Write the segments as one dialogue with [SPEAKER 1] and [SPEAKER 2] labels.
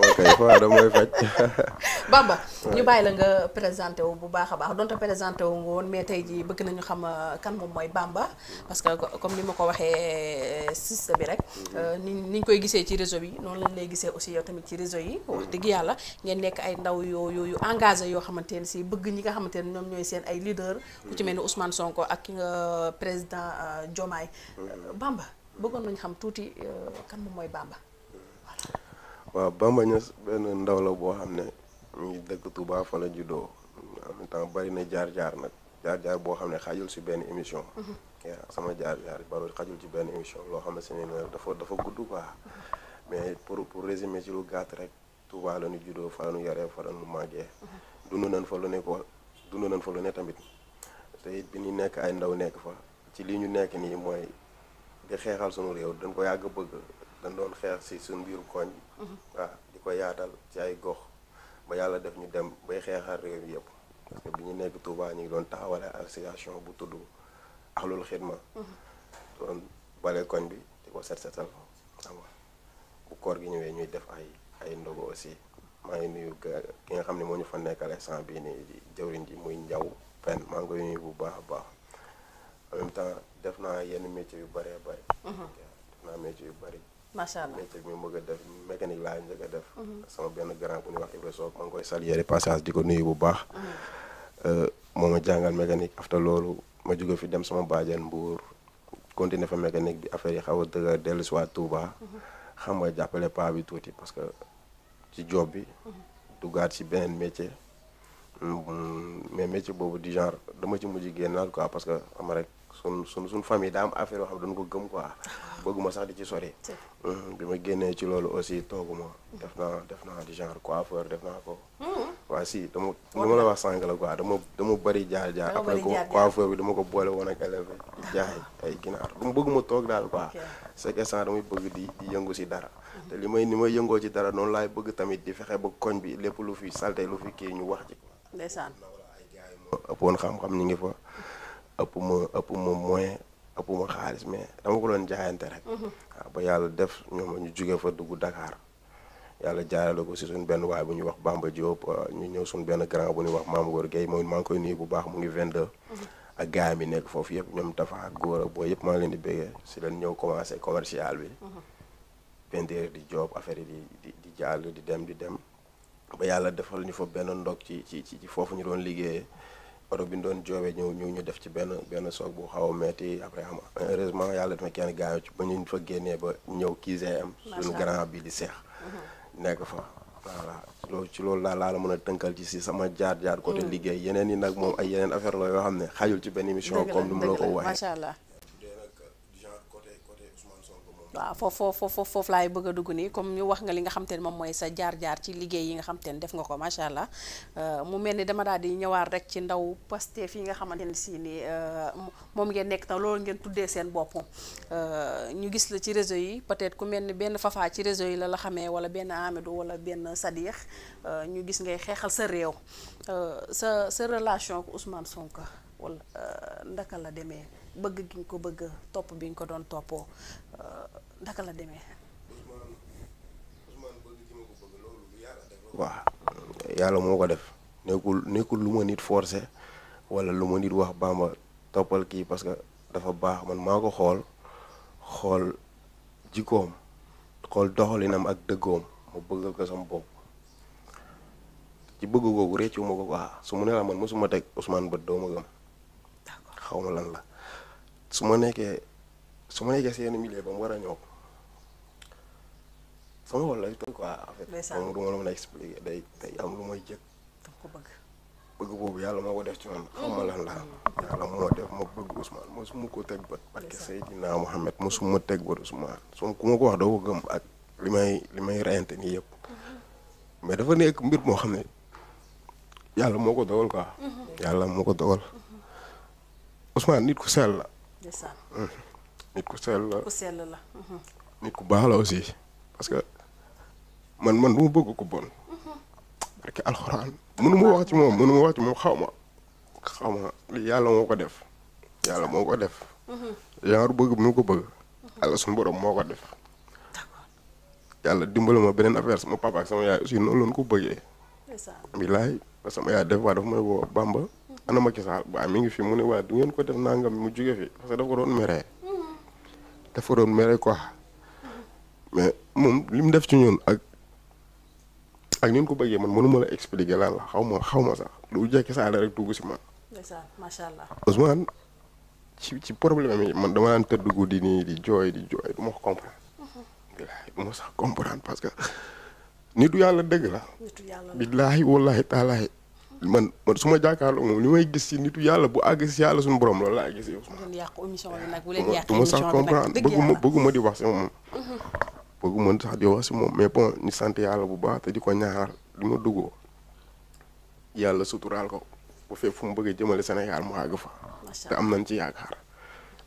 [SPEAKER 1] kay Bamba ñu bàyyi la nga présenté wu bu baax a baax donte présenté wu nga woon mais tey jii bëgg nañu xam euh, kan moom mooy Bamba parce que comme ni ma ko waxee euh, siste bi rek. Euh, ni ni ñu koy gisee ci réseau yi noonu lañ lay gisee aussi yow tamit ci réseau yi. wax dëgg yàlla ngeen nekk ay ndaw yoo yooyu engagé yoo xamante ne si bëgg ñi nga xamante ne ñoom ñooy seen ay leader ku ci mel ni Sonko ak ki nga président Diomaye. Mm-hmm. Bamba bëggoon nañu xam tuuti kan moom mooy bàmba
[SPEAKER 2] waaw Bamba Niass benn ndaw la boo xam ne ñu ngi dëkk Touba fa la juddoo en temps bari na jaar-jaar nag jaar-jaar boo xam ne xajul ci benn émission. waaw mhm. sama jaar-jaar bari xajul ci benn émission loo xam ne si ne dafa dafa gudd mhm. mais pour pour résumer ci lu gàtt rek Touba la nu juddoo fa la ñu yaree fa la ñu màggee. Mhm. dund nañ fa lu ne ko dund nañ fa lu ne tamit te it bi ñu nekk ay ndaw nekk fa ci li ñu nekk nii mooy di xeexal sunu réew dañ ko yàgg bëgg. dañ doon xeex si suñ mbiru koñ waaw di ko yaatal ci ay gox ba yàlla def ñu dem bay xeexal réew mi yëpp parce bi ñu nekk Touba ñu ngi doon taxawalee association bu tudd axlul xidma doon bale koñ bi di ko set setal xam bu koor gi ñëwee ñuy def ay ay ndogo aussi maa ngi nuyu ki nga xam ne moo ñu fa nekkale instant bii nii di ji muy njaw pen maa ngi koy bu baax a baax en temps def naa yenn métier yu bëree bëri mhm. def naa métier yu bëri macha allah métier bi ma bëgg a def mécanique laa njëkk def. sama benn grand bu ñuy wax Ibrahima Sow maa koy saluer passage di ko nuyu bu baax. Euh, moo a jàngal mécanique afta loolu ma jóge fi dem sama bàjjen Mbour continuer fa mécanique bi affaire yi xaw a dëgg dellu si waat Touba. xam nga jàppale paa bi tuuti parce que ci job bi. duggaat si beneen métier. Mm, mais métier boobu du genre dama ci mujj génnaat quoi parce que am rek. sun sun suñ famille daa am affaire yoo xam ko gëm quoi bëgguma sax di ci sori mm-hmm. bi ma génnee ci loolu aussi tooguma def naa def naa di genre coiffeur def naa ko mm-hmm. waa si dama lu ma la wax sànq la quoi dama dama bëri jaar jaar après coiffeur bi dama ko boole woon ak élève jaay ay ginaar du ma bëgguma toog daal quoi c'est que ça damay bëgg di di yëngu si dara te li may ni may yëngoo ci dara noonu laay bëgg tamit di fexe ba koñ bi lépp lu fi salte lu fi kii ñu wax ci ndeysaan ëpp woon xam-xam ñu ngi fa ëpp ma ëpp ma moyen ëpp ma xaalis mais dama ko doon jaayante rek. Mhm. waaw ba yàlla def ñoom ñu jóge fa dugg dakaar yàlla jaarale ko si suñ benn waay bu ñu wax Bamba Diop euh, ñu ñëw suñ benn grand bu ñuy wax Maam Góor Guèye moom maa koy nuyu bu baax mu ngi 22. Mhm. ak gars mi nekk foofu yëpp ñoom dafa ak góor ak booy yëpp maa leen di béggee si leen ñëw commencé commercial bi. vendeur mhm. di job affaire yi di di jàll di dem di dem. ba yàlla defal ñu fa benn ndog ci ci ci foofu ñu doon liggéeyee. oto bi ñu doon joobee ñëw ñëw ñu def ci benn benn soog bu xaw a metti après xam nga heureusement yàlla dafa kenn gaañu ci ba ñu fa génnee ba ñëw kii GM suñu grand bi di seex mhm. nekk fa voilà ci loolu laa laa la mën a tënkal ci si sama jaar jaar côté mm. liggéey yeneen yi nag moom ay yeneen affaire la yoo xam ne xajul ci benn émission comme nu mu la ko waxee
[SPEAKER 1] waaw foofu foofu laay bëgg a dugg nii comme ñu wax nga li nga xam te ne mooy sa jaar-jaar ci liggéey yi nga xam te ne def nga ko macha allah euh, mu mel ni dama daal di ñëwaat rek ci ndaw Pastef fii nga xamante ne si ni euh, moom ngeen nekk na loolu ngeen tuddee seen bopp euh, ñu gis la ci réseau yi peut-être ku mel ni benn fafaa ci réseau yi la la xamee wala benn Amadou wala benn Sadikh ñu gis ngay xeexal sa réew sa sa relation ak Ousmane Sonko wala ndaka la demee. bëgg gi nga ko bëgg topp bi nga ko doon toppoo euh, ndaka la demee.
[SPEAKER 2] waaw yàlla moo ko def nekkul nekkul lu ma nit forcé wala lu ma nit wax bamba toppal kii parce que dafa baax man maa ko xool xool jikkoom xool doxalinam ak dëggoom ma bëggal ko sama bopp ci bëgg googu réccu ma ko quoi su mu ne la man mosuma teg Ousmane ba doo ma gëm xaw ma lan la su ma nekkee su ma nekkee si yenn milieu ba mu war a ñëw sama xol lay tooy quoi en fait. ndeysaan moom la mën a expliquer day day am lu may jëkk. daf bëgg. boobu yàlla moo ko def ci man xam ma lan la mm-hmm. yàlla moo def ma bëgg ma mosuma ko teg bët barke Seydina Mohamed mosuma teg bët Ousmane su ku ma ko wax doo ko gëm ak li may li may reyante nii yëpp mm-hmm. mais dafa nekk mbir moo xam ne yàlla moo ko dogal quoi. Mm-hmm. yàlla moo ko dogal Ousmane nit ku sell la. nit ku sell la ku
[SPEAKER 1] sell mhm.
[SPEAKER 2] nit ku baax la aussi parce que man man du ma bëgg ko bon. parce mhm. que alxuraan mënu ma wax ci moom mënu ma wax ci moom xaw ma xaw ma li yàlla moo ko def yàlla moo ko def. genre mhm. bëgg mu ko bëgg. yàlla suñu borom moo ko def. yàlla dimbali ma beneen affaire sama papa ak sama yaay aussi noonu la ko bëggee. bilaay sama yaay def waa dafa may woo Bamba. ana Macky Sall waaw mi ngi fi mu ne waaye du ngeen ko def nangam mu jóge fi parce que dafa ko doon meree dafa doon mere quoi mais moom li mu def ci ñun ak ak ni ko bëggee man mënuma la expliquer lan la xaw ma xaw ma sax du jekki saala dugg si man. macha allah. Ousmane ci ci problème man dama daan tëdd guddi nii di jooy di jooy du sax comprendre parce que nitu yàlla dëgg la. nitu wallaahi taalaahi man man su ma jàkkaarloo moom li may gis ci nitu yàlla bu àgg si yàlla suñu borom loolu laa gis yow. bu leen yàq émission bi nag bëgguma di wax si moom. Mhm. bëgguma sax di wax si moom mais bon ñu sant yàlla bu baax te di ko ñaanal li ma duggoo yàlla suturaal ko bu fekk fu mu bëggee jëmale Sénégal mu àgg fa. te am nañ ci yaakaar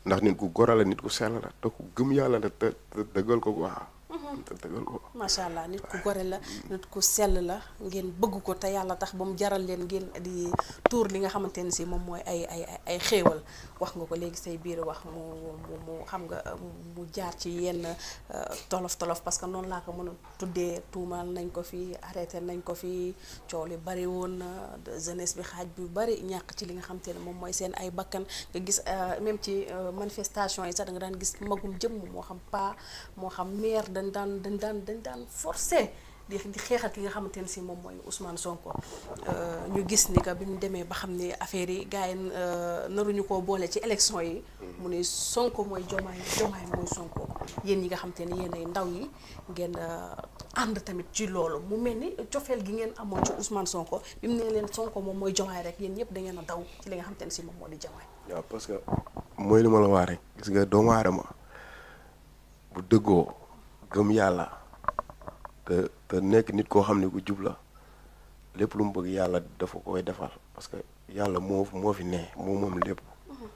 [SPEAKER 2] ndax nit ku gor nit ku sell la te ku gëm yàlla la te dëggal ko bu baax. te dëggal
[SPEAKER 1] allah nit ku gore la nit ku sell la ngeen bëgg ko te yàlla tax ba mu jaral leen ngeen di tuur li nga xamante ne si moom mooy ay ay ay xéewal wax nga ko léegi say biir wax mu mu xam nga mu jaar ci yenn euh, tolof tolof parce que noonu laa ko mën tuddee tuumaal nañ ko fii arrêté nañ ko fii coow li bari woon na jeunesse bi xaaj bi bari ñàkk ci li nga xamante ne moom mooy seen ay bakkan nga gis euh, même ci euh, manifestation yi sax da daan gis magum jëmm moo xam pa moo xam meer daan dañ daan dañ daan forcé di di xeexat li nga xamante ne si moom mooy Ousmane Sonko euh, ñu gis ni que bi mu demee ba xam ne affaire yi gars yi euh, ñu ko boole ci élection yi mu ne Sonko mooy jomaay jomaay mooy Sonko yéen ñi xamante ne yéen ay ndaw yi ngeen euh, ànd tamit ci loolu mu mel ni cofeel gi ngeen amoon ci Ousmane Sonko bi mu ne leen Sonko moom mooy jomaay rek yéen ñëpp da ngeen a daw ci li nga xamante ne si moom moo di jomaay.
[SPEAKER 2] waaw parce mooy li ma la wax rek gis nga doomu aadama bu dëggoo. gëm yàlla te te nekk nit koo xam ne ku jub la lépp lu mu bëgg yàlla dafa koy defal parce que yàlla moo moo fi ne moo moom lépp mm-hmm.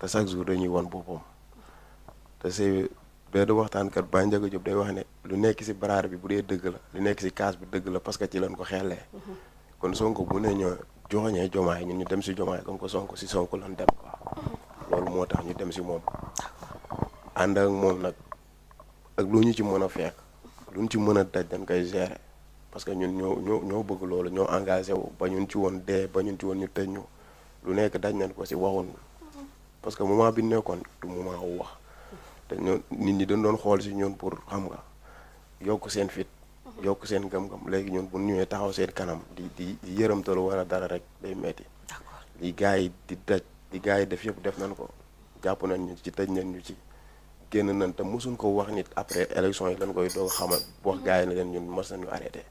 [SPEAKER 2] te chaque jour dañuy wan boppam te c'est benn waxtaankat Baye Ndiaga Diop day wax ne lu nekk si baraar bi bu dee dëgg la lu nekk si kaas bi dëgg la parce que ci lañ ko xeelee mm-hmm. kon sonk bu ne ñoo joxoñee jomaay ñun ñu dem si jomaay comme que Sonko ci Sonko lañ dem quoi mm-hmm. loolu moo tax ñu dem si moom ànd ak moom nag ak lu ñu ci mën a fekk lu ñu ci mën a daj dañ koy gérer parce que ñun ñoo ñoo ñoo bëgg loolu ñoo engagé wu ba ñu ci woon dee ba ñun ci woon ñu tëj ñu lu nekk daj nañ ko si waxoon parce que moment bi nekkoon du moment wu wax te nit ñi doon doon xool si ñun pour xam nga yokk seen fit yokk seen gëm-gëm léegi ñun bu ñëwee taxaw seen kanam di di yërëmtalu wala dara rek day metti li gars yi di daj li gars yi def yëpp def nañ ko jàpp nañ ñu ci tëj nañ ñu ci génn nañ te mosuñ ko wax nit après élection yi lañ koy doog xamal wax gars yi ne leen ñun mos nañu arrêté.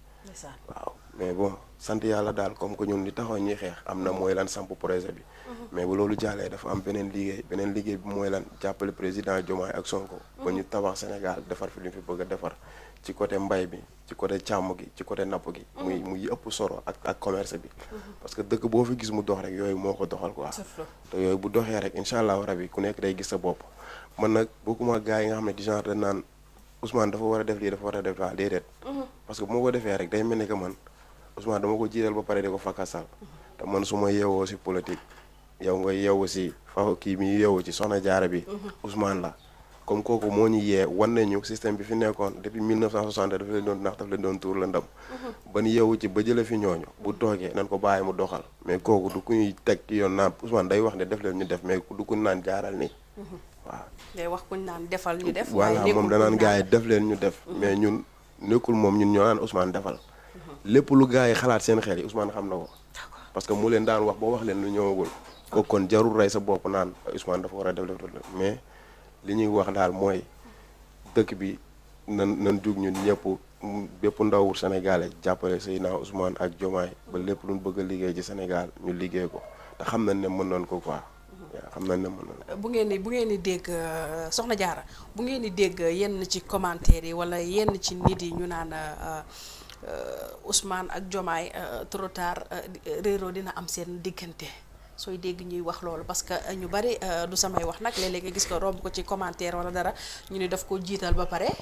[SPEAKER 2] waaw. mais bon sant yàlla daal comme que ñun li taxaw ñuy xeex am na mooy lan samp projet bi. Mhm. mais loolu jàllee dafa am beneen liggéey beneen liggéey bi mooy lan jàppale président Diomaye ak Sonko. Mhm. ba ñu tabax Sénégal defar fi lu fi bëgg a defar ci côté mbay bi ci côté càmm gi ci côté napp gi. Mhm. muy muy ëpp soro ak ak commerce bi. parce que dëkk boo fi gis mu dox rek yooyu moo ko doxal quoi. te yooyu bu doxee rek incha allah rabi ku nekk day gis sa bopp. man nag bokkuma gars yi nga xam ne di genre dañ naan Ousmane dafa war a def lii dafa war a que bu ko defee rek day mel ni que man. Ousmane dama ko jiital ba pare di ko fakkasal te man su ma yeewoo si politique yow nga yeewu si fa kii mi yeewu ci soxna jaara bi Ousmane la comme kooku moo ñu yee wan ñu système bi fi nekkoon depuis 1960 dafa leen doon nax dafa leen doon tuur la ndam ban yeewu ci ba jële fi ñooñu bu toogee nañ ko bàyyi mu doxal mais kooku du ku ñuy teg ci yoon naan Ousmane day wax ne def leen ñu def mais du ku naan jaaral nii waaw
[SPEAKER 1] day wax kuñ naan defal ñu def voilà moom danaan gars yi
[SPEAKER 2] def leen ñu def mais ñun nekkul moom ñun ñoo naan Ousmane defal lépp lu gars yi xalaat seen xel yi Ousmane xam na ko. parce que mu leen daan wax boo wax leen lu ñëwagul. ko kon jarul rey sa bopp naan Ousmane dafa war a def mais li ñuy wax daal mooy dëkk bi nan nan jug ñu ñépp bépp ndawu senegale jàppale suy Seydina Ousmane ak jomaay ba lépp lu ñu bëgg a liggéey ci senegal ñu liggéey ko te xam nañ ne mën nañ ko quoi. Mhm. xam nañ ne mën
[SPEAKER 1] bu ngeen di bu ngeen di dégg euh, soxna jaara bu ngeen di dégg yenn ci commentaire yi wala yenn ci nit yi ñu naan. Euh, Euh, Ousmane ak Diomaye euh, trop tard euh, dina am seen diggante sooy dégg ñuy wax loolu parce que ñu bari du samay wax nag léeg nga gis ko romb ko ci commentaire wala dara ñu ne daf ko jiital ba pare